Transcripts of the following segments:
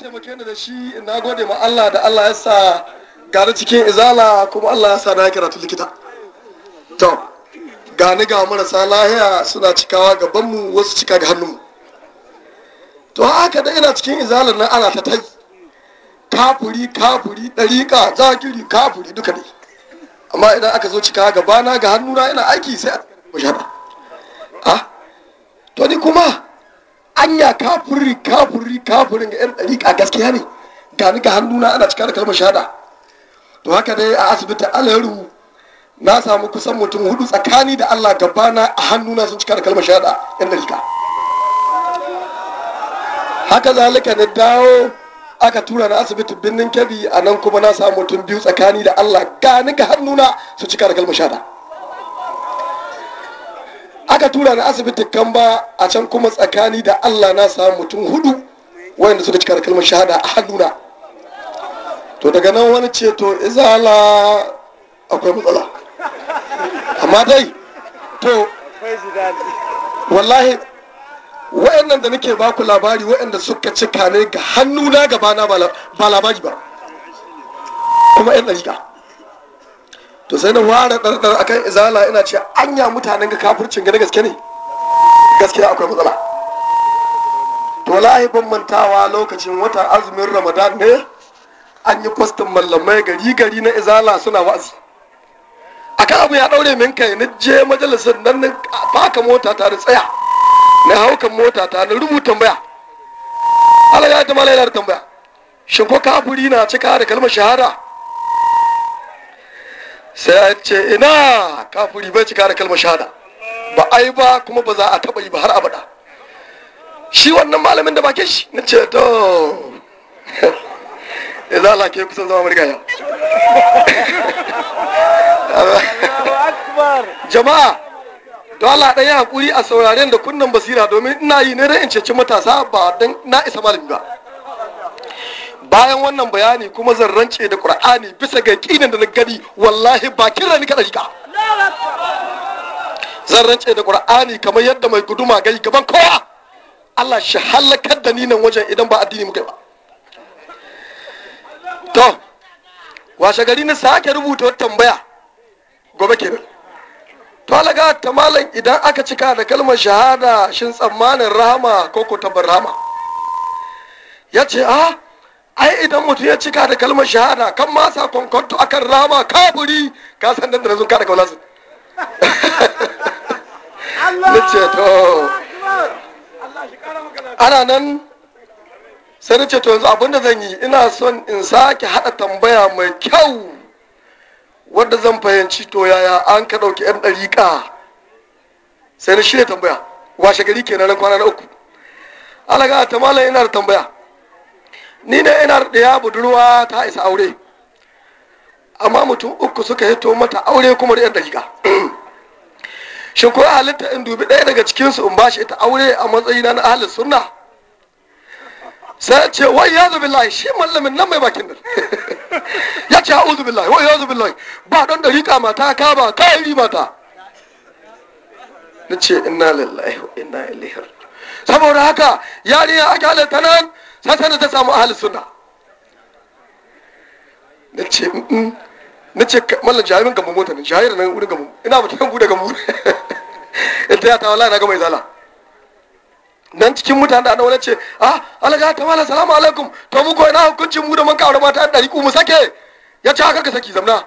taimake ni da shi na gode ma Allah da Allah ya sa gani cikin izala kuma Allah ya sa na karatu likita to gani ga marasa lahiya suna cikawa gabanmu wasu cika ga hannunmu to haka da ina cikin izalar nan ana ta tai kafuri kafuri ɗariƙa zakiri kafuri duka ne amma idan aka zo cika gabana ga hannuna ina aiki sai a ah to ni kuma anya kafiri kafiri kafirin ga yan dariƙa gaskiya ne ga ni ga hannuna ana cika da kalmar shahada to haka dai a asibiti alaru na samu kusan mutum hudu tsakani da allah gabana a hannuna sun cika da kalmar shahada yan dariƙa haka zalika na dawo aka tura na asibiti birnin kebbi a nan kuma na samu mutum biyu tsakani da allah ga ni ga hannuna sun cika da kalmar shahada aka tura ni kan kamba a can kuma tsakani da allah na samu mutum hudu wanda suka cika kalmar shahada a hannuna to daga nan wani ceto izala akwai matsala amma dai to wallahi wa'annan da nake baku labari wa'anda suka cika ne ga hannuna gabana ba labari ba kuma 'yan dariƙa to sai na ware ɗarɗar akan izala ina ce anya mutanen ga kafircin gani gaske ne gaskiya akwai matsala to wallahi ban mantawa lokacin watan azumin ramadan ne an yi kwastin mallamai gari gari na izala suna wa'azi akan abu ya ɗaure min kai na je majalisar nan na baka mota ta tsaya na haukan mota ta na rubuta tambaya Allah ya ta tambaya shin ko kafuri na cika da kalmar shahara? sai an ce ina kafuri bai cika da kalmar shahada ba ai ba kuma ba za a taba yi ba har abada shi wannan malamin da bakin shi na ce to idan a ke kusan zama murgaya jama'a to Allah dan ya hakuri a sauraren da kunnen basira domin ina yi ne dan in ceci matasa ba dan na isa malami ba bayan wannan bayani kuma zan rance da qur'ani bisa ga yaqinin da na gani wallahi ba kira ni kada rika zan rance da qur'ani kamar yadda mai guduma gai gaban kowa Allah shi halakar da ni nan wajen idan ba addini muka ba to washe gari na sake rubuta wata tambaya gobe ke to alaga ta malam idan aka cika da kalmar shahada shin tsammanin rahama ko ko tabbar rahama ya ce a ah, ai idan mutum ya cika da kalmar shahada kan masa kwankwanto akan rama kaburi ka san dan da sun kada kaulansu na ce to ana nan sai na ce to yanzu abinda zan yi ina son in sake haɗa tambaya mai kyau wadda zan fahimci to yaya an ka ɗauki 'yan ɗariƙa sai na shirya tambaya washe gari kenan ran kwana na uku alaga ta malam ina da tambaya ni ne ina da ya budurwa ta isa aure amma mutum uku suka hito mata aure kuma da yan dariƙa shin ko halitta in dubi ɗaya daga cikinsu in bashi ita aure a matsayi na ahalin sunna sai ce wai ya zubi lahi shi mallamin nan mai bakin nan ya ce ha'u zubi lahi wai ya zubi lahi ba don rika mata ka ba ka yi mata na ce inna lillahi wa inna ilaihi saboda haka yariya ake halitta nan Sai tana ta samu ahalin suna na ce na ce mallan jahimin gamu mota ne jahir nan wurin gamu ina ba ta bude mota ita ya ta wala na gama izala nan cikin mutane da annabawa ce ah alaga ta wala salamu alaikum to mu ko na hukuncin mu da mun kawo mata ɗari ku mu sake ya ce haka ka saki zamna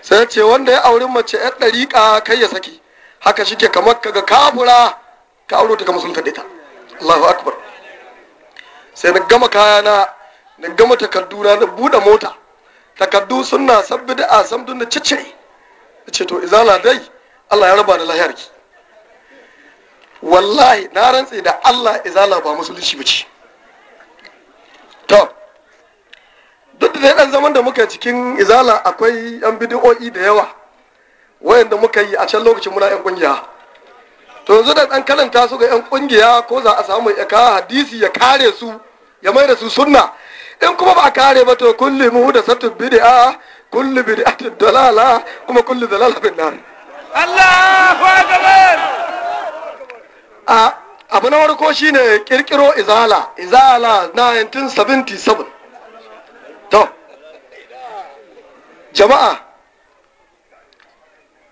sai ce wanda ya auri mace ɗari ka kai ya saki haka shike kamar kaga kafura ka auro ta ga musulunta da ita Allahu akbar sai na gama kayana na gama takarduna na buɗe mota takardu suna sabbi da a samdun na ciccire na ce to izala dai Allah ya raba da lahiyarki wallahi na rantse da Allah izala ba musulunci ba ce to duk da ɗan zaman da muka cikin izala akwai yan bidi'o'i da yawa wayanda muka yi a can lokacin muna yan kungiya to yanzu da ɗan karanta su ga yan kungiya ko za a samu ya kawo hadisi ya kare su ya mai da su sunna in kuma ba a kare ba to kulli mu da muhdathatun bid'a kulli bid'atin dalala kuma kulli dalala bin nar Allahu akbar a abu na farko shine kirkiro izala izala 1977 to jama'a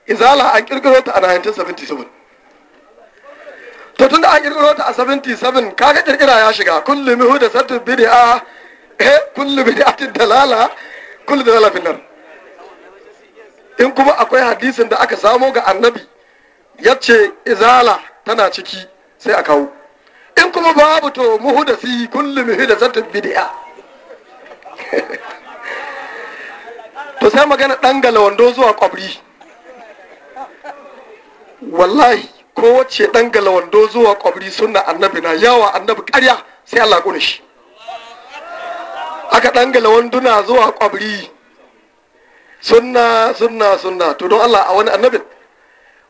izala an kirkiro ta a 1977 to tunda an kirkiro ta a 77 kaga kirkira ya shiga kullu sattu bid'a eh kullu bid'atin dalala kullu dalala finnar in kuma akwai hadisin da aka samo ga annabi yace izala tana ciki sai a kawo in kuma babu to da si kullu sattu bid'a to sai magana dangala wando zuwa kwabri wallahi ko wacce dan galawando zuwa kwabri sunna annabi na yawa annabi karya sai Allah ƙone shi aka dan galawanduna zuwa kwabri sunna sunna sunna to don Allah a wani annabin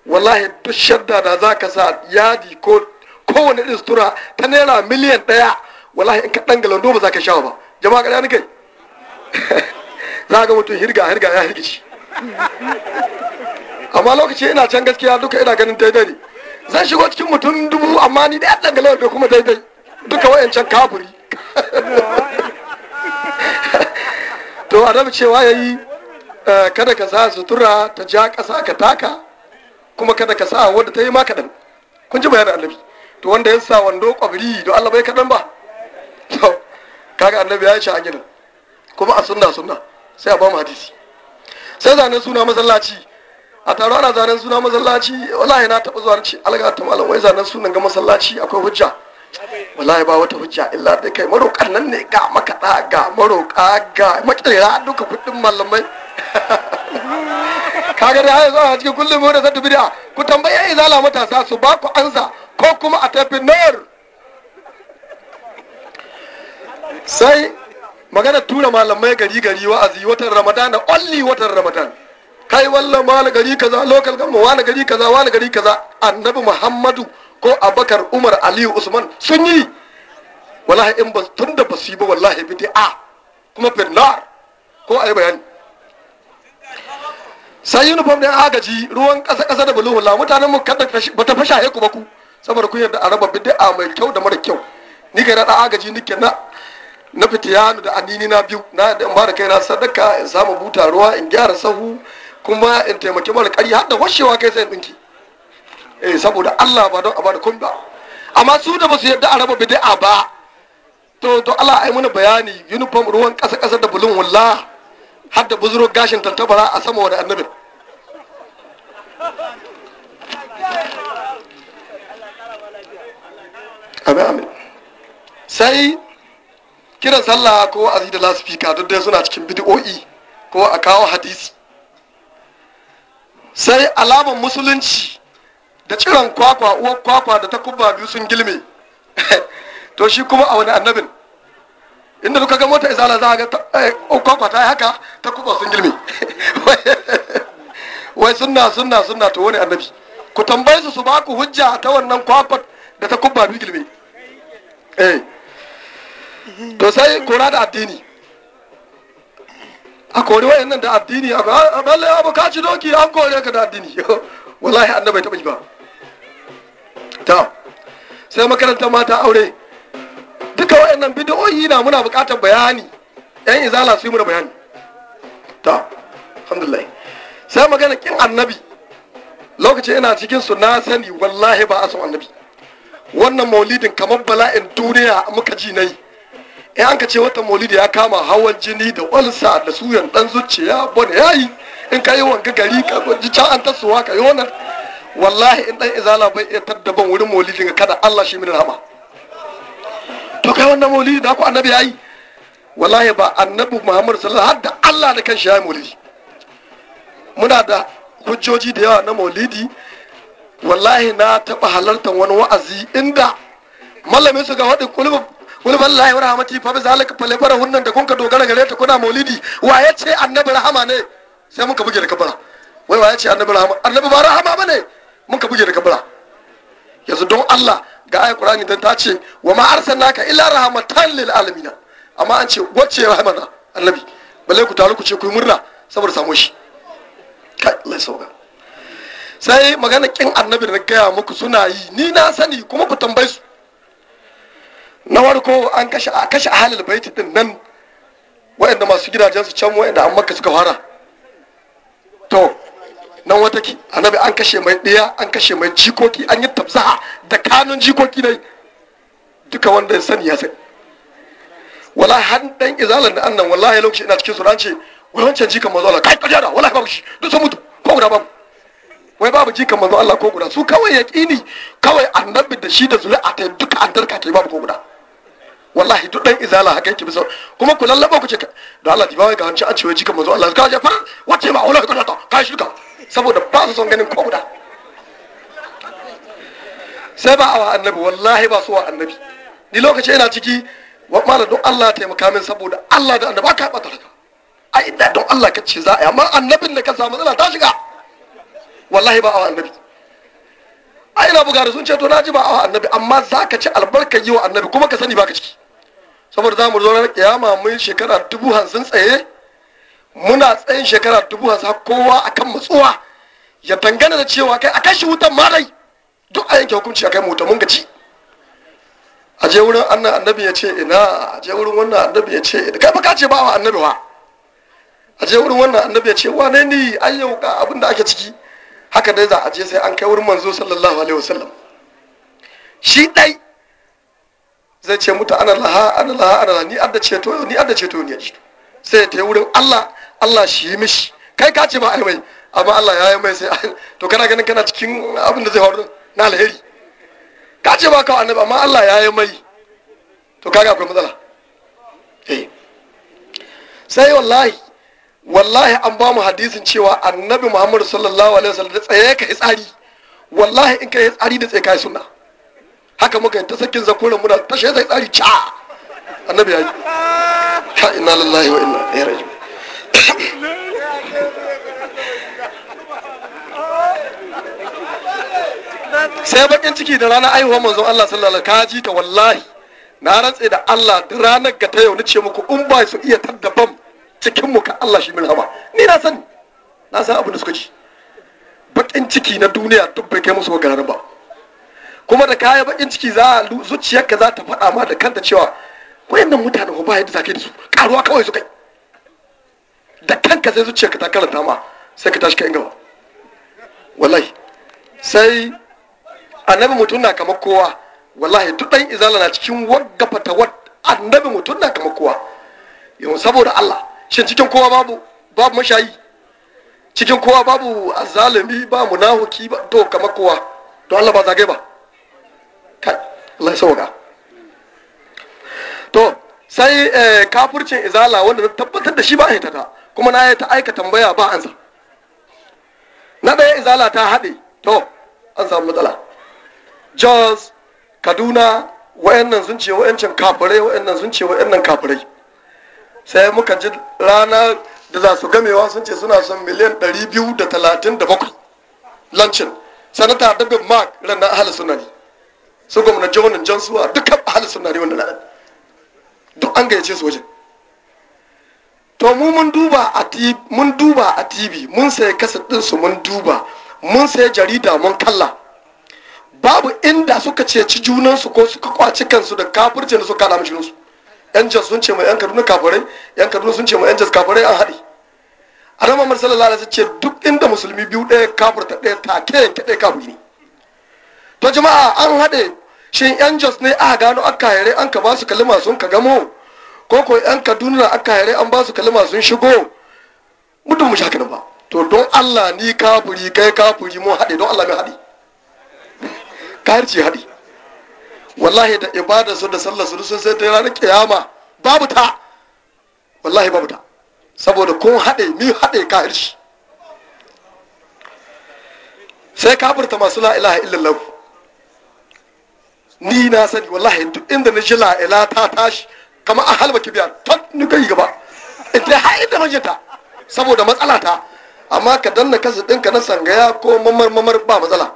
wallahi duk shadda da zaka sa yadi ko kowane irin sutura ta naira miliyan ɗaya wallahi in ka dan galawando ba za ka sha ba jama'a kada ni kai za ga mutum hirga hirga ya hirgici amma lokaci ina can gaskiya duka ina ganin daidai ne zan shigo cikin mutum dubu amma ni da yadda galawar bai kuma daidai duka wayancan kaburi to annabi cewa yi eh, kada ka sa sutura ta ja ƙasa ka taka kuma kada ka sa wadda ta yi ma kaɗan kun ji bayanin annabi to wanda ya sa wando kwabri don Allah bai kaɗan ba to kaga annabi ya yi a gidan kuma a sunna sunna sai a ba mu hadisi sai zanen suna masallaci a taro ana zanen suna masallaci wallahi na taɓa zuwa ce alga ta malam wai zanen sunan ga masallaci akwai hujja wallahi ba wata hujja illa dai kai marokan nan ne ga makaɗa ga maroka ga makira duka kuɗin malamai kaga da ya zuwa cikin kullum mu da zata bid'a ku tambaye zala matasa su ba ku ansa ko kuma a tafi nur sai magana tura malamai gari gari wa'azi watan ramadana only watan ramadana ai wallan wani gari kaza lokal gamma wani gari kaza wani gari kaza annabi muhammadu ko abakar umar aliyu usman sun yi wallahi in ba tun da ba su yi ba wallahi a kuma firnar ko ai bayani sai uniform ne agaji ruwan kasa kasa da buluhu la mutanen mu kada ba ta fasha ku ba ku saboda kun yarda a raba a mai kyau da mara kyau ni kai na da agaji nike na na fitiyanu da addini na biyu na da in ba da kai na sadaka in samu buta ruwa in gyara sahu kuma in taimaki mara ƙari har da washewa kai sai ɗinki eh saboda Allah ba don a bada kun ba amma su da ba su yadda a raba bid'a ba to to Allah ai mana bayani uniform ruwan ƙasa ƙasa da bulun walla, har da buzuro gashin tantabara a sama wa annabi. amin amin sai kiran sallah ko wa'azi da speaker duk dai suna cikin bid'o'i ko a kawo hadisi sai alamar musulunci da ciran kwakwa uwar kwakwa da takubba biyu sun gilme to shi kuma a wani annabin inda duka ga mota izala za a ga eh, kwakwa ta yi haka takubba sun gilme wai sunna sunna sunna to wani annabi ku tambaye su su ba ku hujja ta wannan kwakwa da takubba biyu gilme eh. to sai kora da addini a kori nan da addini a balle abu ka ci doki an kore ka da addini wallahi annabi taɓa yi ba ta sai makarantar mata aure duka wayan nan bidiyoyi na muna buƙatar bayani yan izala su yi muna bayani ta alhamdulillah sai magana kin annabi lokacin ina cikin su na sani wallahi ba a son annabi wannan maulidin kamar bala'in duniya muka ji na yi in an ka ce wata maulidi ya kama hawan jini da walsa da suyan dan zuciya bane yayi in ka yi wanka gari ka ji can an tasowa ka yona wallahi in dan izala bai iya tadda ban wurin maulidi ga kada Allah shi min rahama to kai wannan maulidi da ku annabi yayi wallahi ba annabi Muhammad sallallahu alaihi wasallam har da Allah da kanshi yayi maulidi muna da hujjoji da yawa na maulidi wallahi na taɓa halartar wani wa'azi inda malamin su ga waɗin kulubu wani wallahi wa rahmati fa bi zalika falibara hunnan da kun ka dogara gare ta kuna maulidi wa ya ce annabi rahama ne sai muka buge da kabara wai wa ya ce annabi rahama annabi ba rahama bane muka buge da kabara yanzu don Allah ga ayat Qur'ani dan ta ce wa ma arsalnaka illa rahmatan lil alamin amma an ce wacce rahmana annabi balle ku taru ku ce ku yi murna saboda samu shi kai Allah sauka sai magana kin annabi da gaya muku suna yi ni na sani kuma ku tambaye su na warko an kashe a kashe halin baiti din nan waɗanda masu gidajensu can waɗanda an maka suka fara to nan wata ki annabi an kashe mai ɗaya an kashe mai jikoki an yi tabzaha da kanun jikoki ne duka wanda ya sani ya sai wala har dan izalar da annan wallahi lokaci ina cikin suran ce wai wancan jikan manzo Allah kai kajara wallahi babu shi duk sun mutu ko guda babu wai babu jikan manzo Allah ko guda su kawai yaqini kawai annabi da shi da zuri'a ta duka an tarka ta babu ko guda wallahi duk dan izala haka yake bisa kuma ku lallaba ku ce da Allah dibawa ga wancan a cewa cikin manzo Allah ka je fa wace ma aula ka ta ka shirka saboda ba su son ganin ko guda sai ba awa annabi wallahi ba su wa annabi ni lokaci ina ciki wa malam don Allah taimaka min saboda Allah da annabi ka bata raka a da don Allah ka ce za a yi amma annabin da ka samu matsala ta shiga wallahi ba awa annabi a ina buga da sun ce to na ji ba awa annabi amma za ka ci albarkar yi wa annabi kuma ka sani ba ka ciki saboda za mu zo ranar kiyama mun shekara dubu hamsin tsaye muna tsayin shekara dubu hamsin kowa akan matsuwa ya dangana da cewa kai a kashi wutan malai. duk a yanke hukunci a kai mu wuta mun gaci a je wurin annan annabi ya ce ina a je wurin wannan annabi ya ce ina kai fa ka ce ba wa annabi wa a je wurin wannan annabi ya ce wane ni an yau ga abin da ake ciki haka dai za a je sai an kai wurin manzo sallallahu alaihi wasallam shi dai zai ce mutu ana laha ana laha ana laha ni adda ceto ni adda ceto ni yanzu sai ya tayi wurin Allah Allah shi yi mishi kai ka ce ba ai mai amma Allah ya yi mai sai to kana ganin kana cikin abin da zai faru na alheri ka ce ba ka annabi amma Allah ya yi mai to kaga akwai matsala eh sai wallahi wallahi an ba mu hadisin cewa annabi Muhammad sallallahu alaihi wasallam da tsaye ka yi tsari wallahi in ka yi tsari da tsaye ka sunna haka muka yanta sakin zakuran muna tashe zai tsari ca annabi ya yi ta ina lallahi wa ina ya raju sai bakin ciki da ranar aihuwar manzon Allah sallallahu ka ji ta wallahi na rantse da Allah da ranar ga ta yau nace muku in ba su iya tadda cikin mu ka Allah shi min haba ni na sani na san abin da suka ci bakin ciki na duniya duk bai kai musu ga ba kuma da kaya bakin ciki za a zuciyarka za ta faɗa ma da kanta cewa wayannan mutanen ba yadda zaka yi da su karuwa kawai su kai da kanka sai zuciyarka ta karanta ma sai ka tashi ka gaba wallahi sai annabi mutum na kamar kowa wallahi duk dan izala na cikin wadda fatawar annabi mutum na kamar kowa yau saboda Allah shin cikin kowa babu babu mashayi cikin kowa babu azalimi ba munahuki ba to kamar kowa to Allah ba zagai ba sauka to sai eh, kafurcin izala wanda na tabbatar da shi ba ta kuma na ta aika tambaya ba ansa na ɗaya izala ta haɗe to an samu matsala jos kaduna wa'annan sun ce wa'ancan kafirai wa'annan sun ce wa'annan kafirai sai muka ji rana da za su gamewa sun ce suna son miliyan 237 lancin sanata david mark ranar ahalar sunani su gwamnan jihonin jansuwa dukkan ahalin suna ne wannan ranar duk an gayyace su wajen to mu mun duba a tv mun duba a tv mun sayi kasar ɗinsu mun duba mun sayi jarida mun kalla babu inda suka ce ci junansu ko suka kwaci kansu da kafircin su kala mishi su yan jas sun ce mai yan kaduna kafirai yan kaduna sun ce mai yan jas kafirai an haɗi a muhammad sallallahu lalata ce duk inda musulmi biyu ɗaya kafirta ɗaya take yanke ɗaya kafiri ne to jama'a an haɗe shin yan jos ne aka gano aka yare an ka ba su kalima sun ka gamo ko ko yan kaduna aka yare an ba su kalima sun shigo mutum mu shakin ba to don Allah ni kafuri kai kafuri mun haɗe don Allah mai haɗe kafirci haɗe wallahi da ibada su da sallar su sun sai ta ranar kiyama babu ta wallahi babu ta saboda kun haɗe ni haɗe kafirci sai kafirta masu la ilaha illallah ni na sani wallahi duk inda na jila ila ta tashi kama a halba biya ta ni yi gaba ita har inda na ta saboda matsala ta amma ka danna kasa ka na sangaya ko mamar mamar ba matsala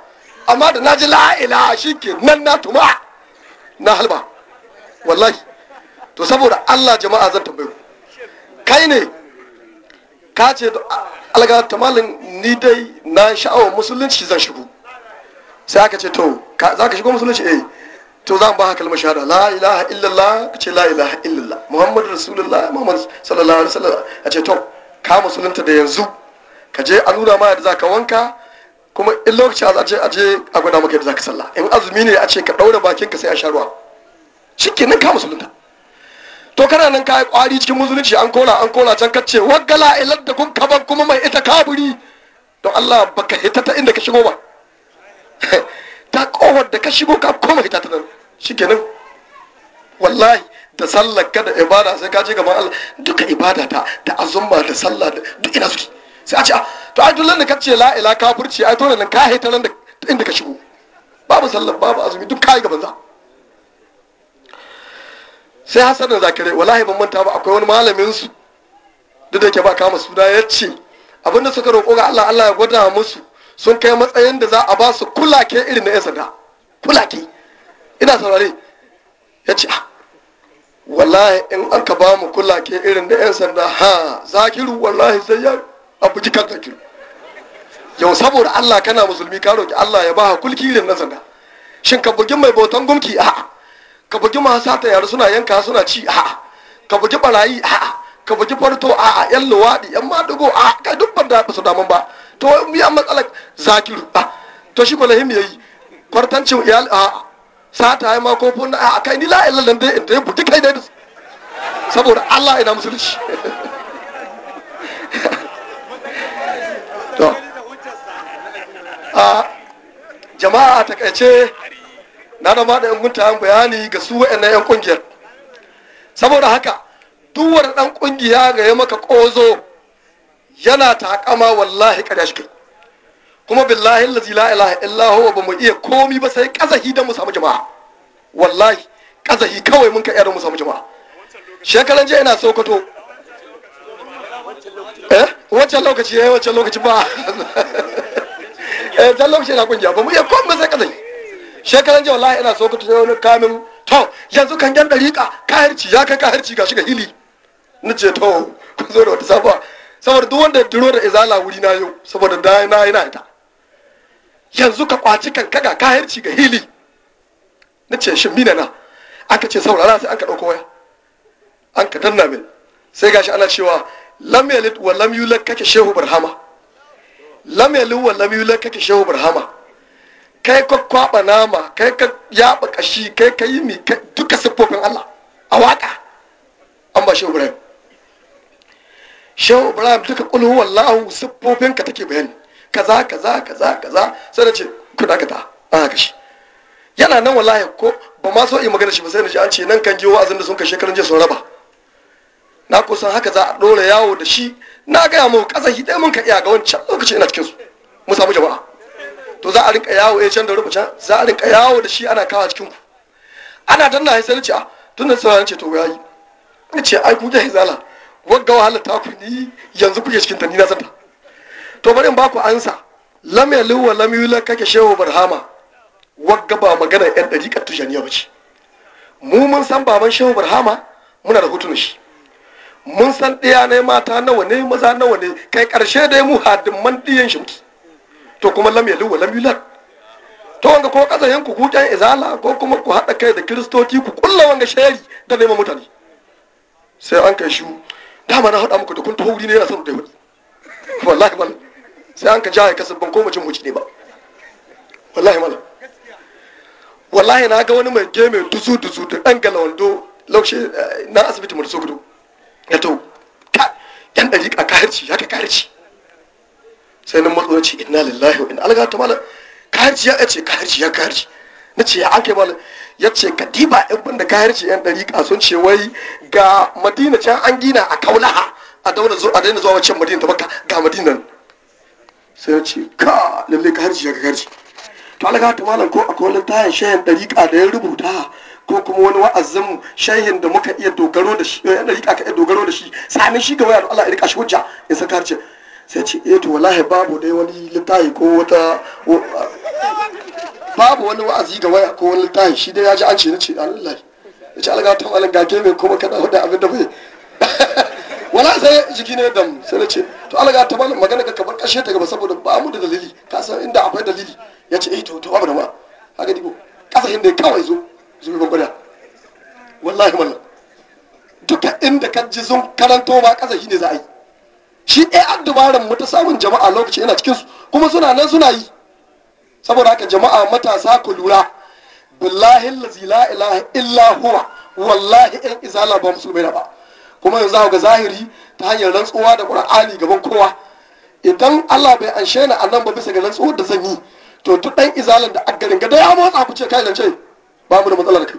amma da na ji ila shi ke nan na tuma na halba wallahi to saboda allah jama'a zan tambaye kai ne ka ce alga tamalin ni dai na sha'awar musulunci zan shigo sai aka ce to za ka shigo musulunci eh to za ba kalmar shahada la ilaha illallah ka ce la ilaha illallah muhammad rasulullah muhammad sallallahu alaihi wasallam a ce to ka musulunta da yanzu ka je a nuna ma yadda za ka wanka kuma in lokaci a ce a je a gwada maka yadda za ka sallah in azumi ne a ce ka bakin bakinka sai a sharuwa ruwa nan ka musulunta to kana nan ka kwari cikin musulunci an kola an kola can kace waggala ilar da kun kaban kuma mai ita kaburi don Allah baka hita ta inda ka shigo ba ta kofar da ka shigo ka koma ita ta nan shikenan wallahi da sallar ka da ibada sai ka je gaban Allah duka ibada ta da azumma da sallah da duk ina suke sai a ce ah, to ai dole ne ka ce la ila kafirci ai dole ne ka haita nan da inda ka shigo babu sallar babu azumi duk kai gaban za sai hasanin zakare wallahi ban manta ba akwai wani malamin su duk da yake ba kama suna ya ce abinda suka roƙo ga Allah Allah ya gwada musu sun kai matsayin da za a ba su kulake irin na 'yan sanda kulake ina saurare ya ce ah, wallahi in an ka ba mu kulake irin na 'yan sanda ha zakiru wallahi sai ya abu jikan zakiru yau saboda allah kana musulmi ka roki allah ya ba kulki irin na sanda shin ka bugi mai bautan gumki a'a ka bugi masu ta yare suna yanka suna ci a'a ka bugi barayi a'a ka bugi farto a'a yan luwaɗi yan madugo a'a kai duk ban da su damun ba to ya matsalar zakiru Ah to shi kwalahim ya yi kwartancin iyal a ah, sata ya ma ko na a ah, kai ni la ilaha illallah dai yi ya buti kai dai saboda Allah ina musulunci to ah, a jama'a takaice na da ma da yan gunta bayani ga su wa'annan yan kungiyar saboda haka duk wani dan kungiya ga ya maka kozo yana taƙama wallahi ƙarya shi kuma billahi allazi la ilaha illahu ba mu iya komi ba sai ƙazahi don mu samu jama'a wallahi ƙazahi kawai mun ka don mu samu jama'a shekaran je ina sokoto eh wancan lokaci yi eh, wancan lokaci ba eh dan lokaci ina kungiya ba mu iya komi ba sai ƙazahi shekaran je wallahi ina sokoto sai wani kamin to yanzu kan yan dariƙa kahirci ya kai kahirci gashi ga hili ce to ku zo da wata sabuwa saboda duk wanda ya turo da izala wuri na yau saboda da na yana ita yanzu ka kwaci kanka ga kayarci ga hili na ce shin mina na aka ce saurara sai an ka ɗauko waya an ka danna min sai gashi ana cewa lam yalid wa lam yulad kake shehu burhama lam yalid wa lam yulad kake shehu burhama kai ka kwaba nama kai ka yaba kashi kai ka yi mi duka siffofin Allah a waka an ba shehu burhama shehu ibrahim duka kul wallahu siffofin ka take bayani kaza kaza kaza kaza sai da ce ku dakata an haka shi yana nan wallahi ko ba ma so yi magana shi ba sai na ji an ce nan kan jiwo azin da sun ka shekarun jiya sun raba na kusan haka za a ɗora yawo da shi na gaya mu ƙasar hidai mun ka iya ga wancan lokaci ina cikinsu mu samu jama'a to za a rinka yawo ya eh, can da rubucin za a rinka yawo da shi ana kawo cikinku ana danna sai na ce a ah. tun da na ce to yayi ya ce ai ku ga hizala wagga wahalar ta ku ni yanzu kuke cikin ta ni na zata to bari in ba ansa lam ya luwa lam yula kake shehu barhama wagga ba magana yan dariƙar ya bace mu mun san baban shehu barhama muna da hutun shi mun san ɗaya ne mata nawa ne maza nawa ne kai ƙarshe dai mu hadin man ɗiyan shi muke to kuma lam ya luwa lam yula to wanga ko kazayen ku kuken izala ko kuma ku haɗa kai da kiristoci ku kulla wanga shari da neman mutane sai an kai shu dama na haɗa muku da kun taho wuri ne yana son da wani wallahi malam sai an ka jaya kasar ban koma jin wuce ne ba wallahi malam wallahi na ga wani mai game dusu dusu da ɗan galawando laushe eh, na asibiti mu da sokoto ya to ka yan ɗari a kahirci ya ka kahirci sai nan matsoci inna lillahi wa inna alga ta mala kahirci ya ce kahirci ya kahirci na ce ake malam ya ce katiba yan banda kayarci yan dari sun ce wai ga madina can an gina a kaulaha a daura zuwa a daina zuwa wacce madina ta baka ga madinan sai ya ce ka lalle ka harci ya ka harci to alaka ta malam ko akwai wani tayin shayin ka da ya rubuta ko kuma wani wa'azin shayin da muka iya dogaro da shi eh, yan dariƙa ka iya dogaro da shi sanin shi ga wayar Allah ya rika shi hujja in saka harci sai ce eh to wallahi babu dai wani littafi ko wata babu wani wa'azi ga waya ko wani littafi shi dai ya ji an ce na ce alhamdulillah ya ce alga ta alga ke mai kuma kada hudu abin da bai wala sai jiki ne dam sai na ce to alga ta malam magana ka kamar kashe ta gaba saboda ba mu da dalili ka san inda akwai dalili ya ce eh to to abu da ma haka digo kasashen da kawai zo zo ban gwada wallahi wannan duka inda ka ji sun karanto ba shi ne za a yi shi ɗaya dubaran mu ta samun jama'a lokaci yana cikinsu kuma suna nan suna yi saboda haka jama'a matasa ku lura billahi lazi la ilaha illa huwa wallahi in izala ba musulmai ba kuma yanzu haka ga zahiri ta hanyar rantsuwa da qur'ani gaban kowa idan Allah bai anshe ni annan ba bisa ga rantsuwar da zan yi to duk dan izalan da aggarin ga dai ya motsa ku ce kai lance ba mu da matsalar kai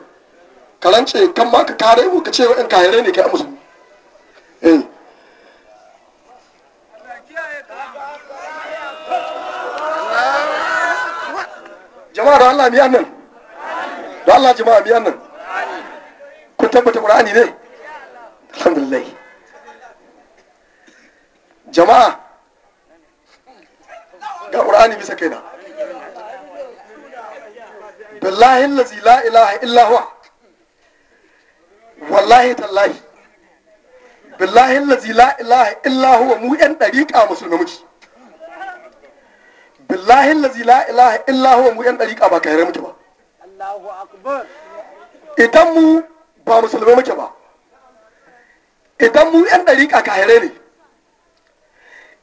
karance kan ma ka kare mu ka ce in kahire ne kai musulmi Allah mi nan don Allah jama'a nan tabbata ne alhamdulillah jama'a ga Qur'ani bisa kaina billahi allazi la ilaha wallahi tallahi billahi la ilaha mu yan dariqa musulmi muke billahi lazi la ilaha illa huwa mu yan dariƙa ba kairai muke ba Allahu akbar idan mu ba musulmai muke ba idan mu yan dariƙa kairai ne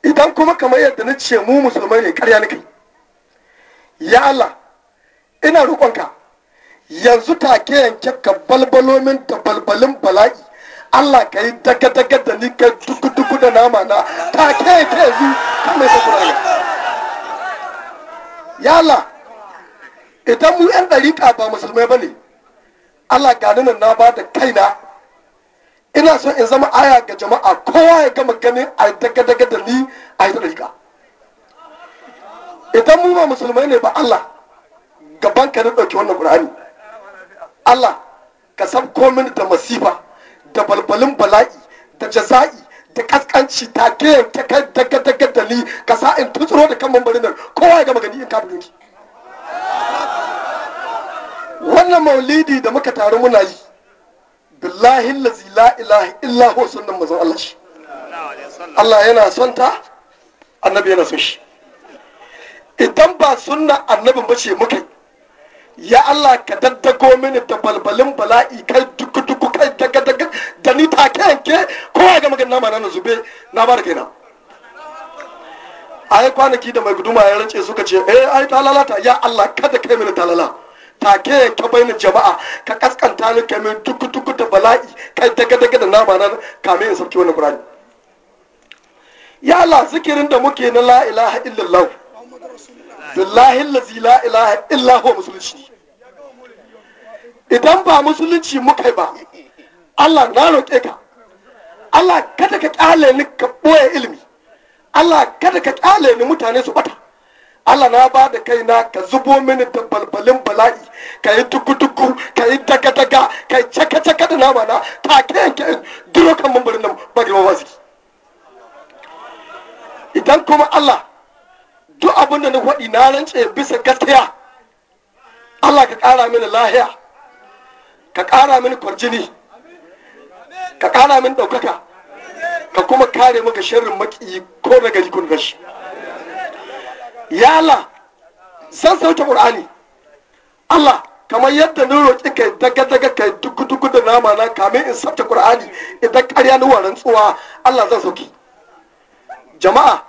idan kuma kamar yadda na ce mu musulmai ne ƙarya nake ya Allah ina roƙonka yanzu take yanke ka balbalo min da balbalin bala'i Allah ka yi daga-daga da ni ka duku-duku da nama na take yanke yanzu ka mai sakura yala idan mu yan ɗariƙa ba musulmai ba ne allah gani nan na ba da kaina ina so in zama aya ga jama'a kowa ya gama ganin a daga-daga da ni a yi ɗariƙa idan mu ba musulmai ne ba allah gaban ka na ɗauki wannan ƙur'ani allah ka san mini da masifa da balbalin bala'i da jaza'i ta kaskanci ta ke ta daga daga dali ka sa in tutsuro da kan mambarin nan kowa ya gama gani in ka ki wannan maulidi da muka taru muna yi billahi lazi la ilaha illa huwa sunnan manzon Allah shi Allah yana son ta annabi yana son shi idan ba sunna annabin ba ce muka ya Allah ka daddago mini da balbalin bala'i kai duku duku kai gaggagagga da ni take yanke kowa ga magana nama na zube na bar kaina a yi kwanaki da mai guduma ya rance suka ce eh ai ta lalata ya Allah kada kai mini ta ke take yanke bainin jama'a ka kaskanta ni kai min tuku tuku da bala'i kai daga daga da nama na kame in sarki wannan qur'ani ya Allah zikirin da muke na la ilaha illallah billahi allazi la ilaha illa huwa musulunci idan ba musulunci muka ba Allah na roƙe ka Allah kada ka ƙyale ni ka ɓoye ilimi Allah kada ka ƙyale ni mutane su ɓata Allah na ba da kaina ka zubo mini da balbalin bala'i ka yi tuku-tuku ka yi daga-daga ka yi caka-caka da nama na take yanke in duro kan mambarin nan ba girma ba idan kuma Allah duk abin da na faɗi na rance bisa gaskiya Allah ka ƙara mini lahiya ka ƙara mini kwarjini ka ƙara min ɗaukaka ka kuma kare maka shirin sharrin maƙiyi ko na gari kun gashi Allah san sauke Qur'ani Allah kamar yadda na roƙi kai daga daga kai duk dugu da nama na kamin in sauke Qur'ani idan ƙarya ni waran tsuwa Allah zan sauki jama'a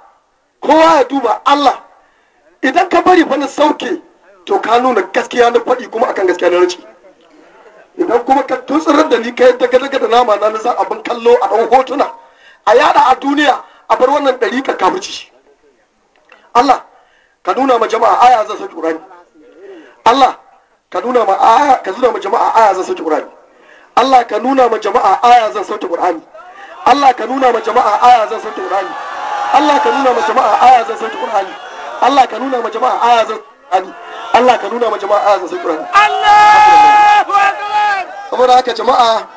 kowa ya duba Allah idan ka bari fa na sauke to ka nuna gaskiya na faɗi kuma akan gaskiya na rici idan kuma ka tutsurar da ni kai daga daga da nama na nisan abin kallo a ɗan hotuna a yada a duniya a bar wannan ɗari ka kafirci Allah ka nuna ma jama'a aya zan saki urani Allah ka nuna ma aya ka nuna ma jama'a aya zan saki urani Allah ka nuna ma jama'a aya zan saki urani Allah ka nuna ma jama'a aya zan saki urani Allah ka nuna ma jama'a aya zan saki urani Allah ka nuna ma jama'a aya zan saki Allah ka nuna ma jama'a aya zan saki urani Allah saboda haka jama'a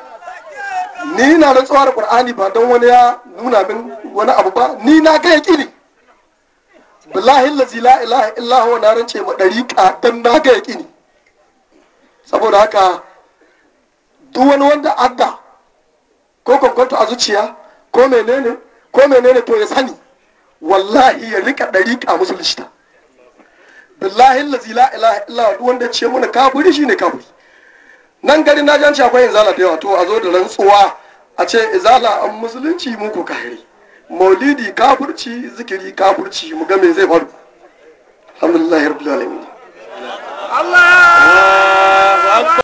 ni na rantsuwa da qur'ani ba don wani ya nuna min wani abu ba ni na ga yaqini billahi allazi la ilaha illa huwa na rance ma ka dan na ga yaqini saboda haka duk wani wanda adda ko kwankwanto a zuciya ko menene ko menene to ya sani wallahi ya rika ka musulunci ta billahi allazi la ilaha illa huwa wanda ce mana kafiri shine kafiri nan gari na janci akwai izala da yawa to a zo da rantsuwa a ce izala an musulunci muku kahiri maulidi kafurci zikiri kafurci mu ga zai faru alhamdulillah rabbil alamin Allah